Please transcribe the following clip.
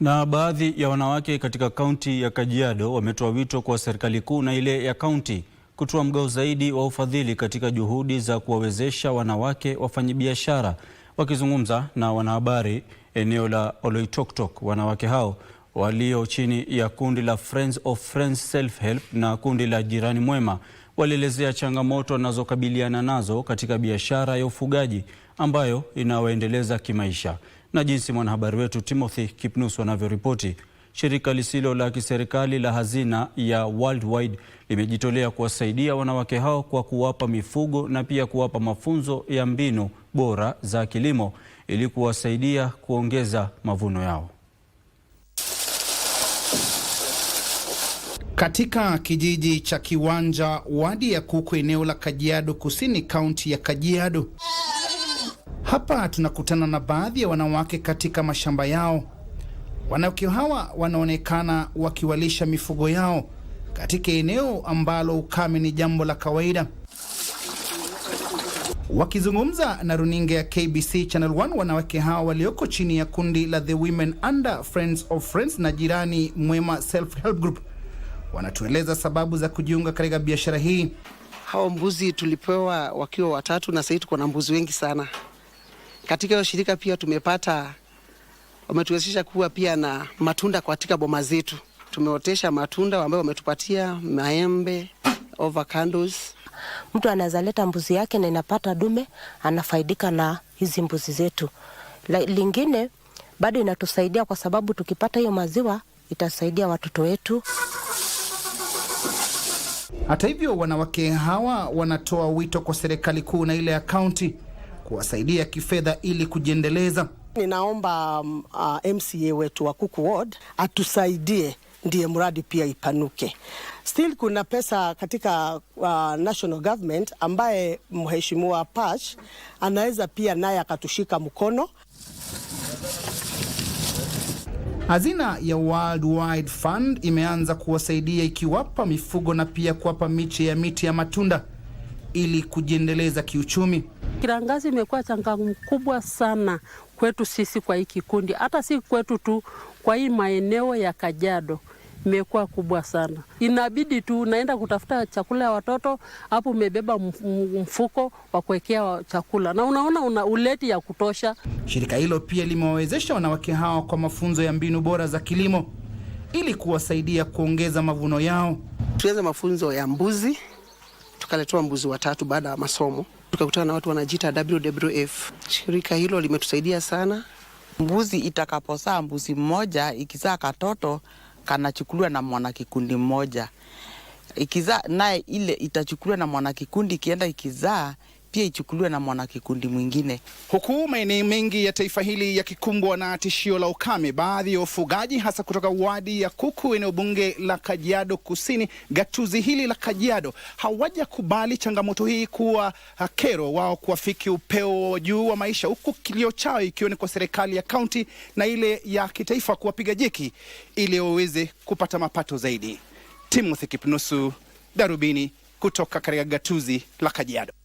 Na baadhi ya wanawake katika kaunti ya Kajiado wametoa wito kwa serikali kuu na ile ya kaunti kutoa mgao zaidi wa ufadhili katika juhudi za kuwawezesha wanawake wafanyabiashara. Wakizungumza na wanahabari eneo la Oloitoktok, wanawake hao walio chini ya kundi la Friends of Friends Self Help na kundi la Jirani Mwema walielezea changamoto wanazokabiliana nazo katika biashara ya ufugaji ambayo inawaendeleza kimaisha. Na jinsi mwanahabari wetu Timothy kipnus anavyoripoti, shirika lisilo la kiserikali la hazina ya Worldwide limejitolea kuwasaidia wanawake hao kwa kuwapa mifugo na pia kuwapa mafunzo ya mbinu bora za kilimo ili kuwasaidia kuongeza mavuno yao. Katika kijiji cha Kiwanja, wadi ya Kuku, eneo la Kajiado Kusini, kaunti ya Kajiado, hapa tunakutana na baadhi ya wanawake katika mashamba yao. Wanawake hawa wanaonekana wakiwalisha mifugo yao katika eneo ambalo ukame ni jambo la kawaida. Wakizungumza na runinga ya KBC Channel 1, wanawake hawa walioko chini ya kundi la The Women Under Friends of Friends na Jirani Mwema Self Help Group wanatueleza sababu za kujiunga katika biashara hii. Hao mbuzi tulipewa wakiwa watatu na sahii tuko na mbuzi wengi sana. Katika hiyo shirika pia tumepata, wametuwezesha kuwa pia na matunda katika boma zetu. Tumeotesha matunda ambayo wametupatia maembe, avocados. Mtu anaweza leta mbuzi yake na inapata dume, anafaidika na hizi mbuzi zetu. Lingine bado inatusaidia kwa sababu tukipata hiyo maziwa itasaidia watoto wetu. Hata hivyo, wanawake hawa wanatoa wito kwa serikali kuu na ile ya kaunti kuwasaidia kifedha ili kujiendeleza. Ninaomba um, uh, MCA wetu wa Kuku Ward atusaidie ndiye mradi pia ipanuke. Still kuna pesa katika uh, national government ambaye mheshimiwa Patch anaweza pia naye akatushika mkono. Hazina ya World Wide Fund imeanza kuwasaidia ikiwapa mifugo na pia kuwapa miche ya miti ya matunda ili kujiendeleza kiuchumi kirangazi imekuwa changamoto kubwa sana kwetu sisi kwa hii kikundi, hata si kwetu tu, kwa hii maeneo ya kajado imekuwa kubwa sana. Inabidi tu naenda kutafuta chakula ya watoto hapo, umebeba mfuko wa kuwekea chakula na unaona una uleti ya kutosha. Shirika hilo pia limewawezesha wanawake hawa kwa mafunzo ya mbinu bora za kilimo ili kuwasaidia kuongeza mavuno yao. Tuweze mafunzo ya mbuzi tukaletewa mbuzi watatu baada ya masomo, tukakutana na watu wanajiita WWF. Shirika hilo limetusaidia sana. Mbuzi itakaposaa mbuzi mmoja, ikizaa katoto kanachukuliwa na mwanakikundi mmoja, ikizaa naye ile itachukuliwa na mwanakikundi, ikienda ikizaa pia ichukuliwe na mwanakikundi mwingine. Huku maeneo mengi ya taifa hili yakikumbwa na tishio la ukame, baadhi ya wafugaji hasa kutoka wadi ya Kuku, eneo bunge la Kajiado Kusini, gatuzi hili la Kajiado, hawajakubali changamoto hii kuwa kero wao kuafiki upeo wa juu wa maisha, huku kilio chao ikiwa ni kwa serikali ya kaunti na ile ya kitaifa kuwapiga jeki ili waweze kupata mapato zaidi. Timothy Kipnusu, Darubini, kutoka katika gatuzi la Kajiado.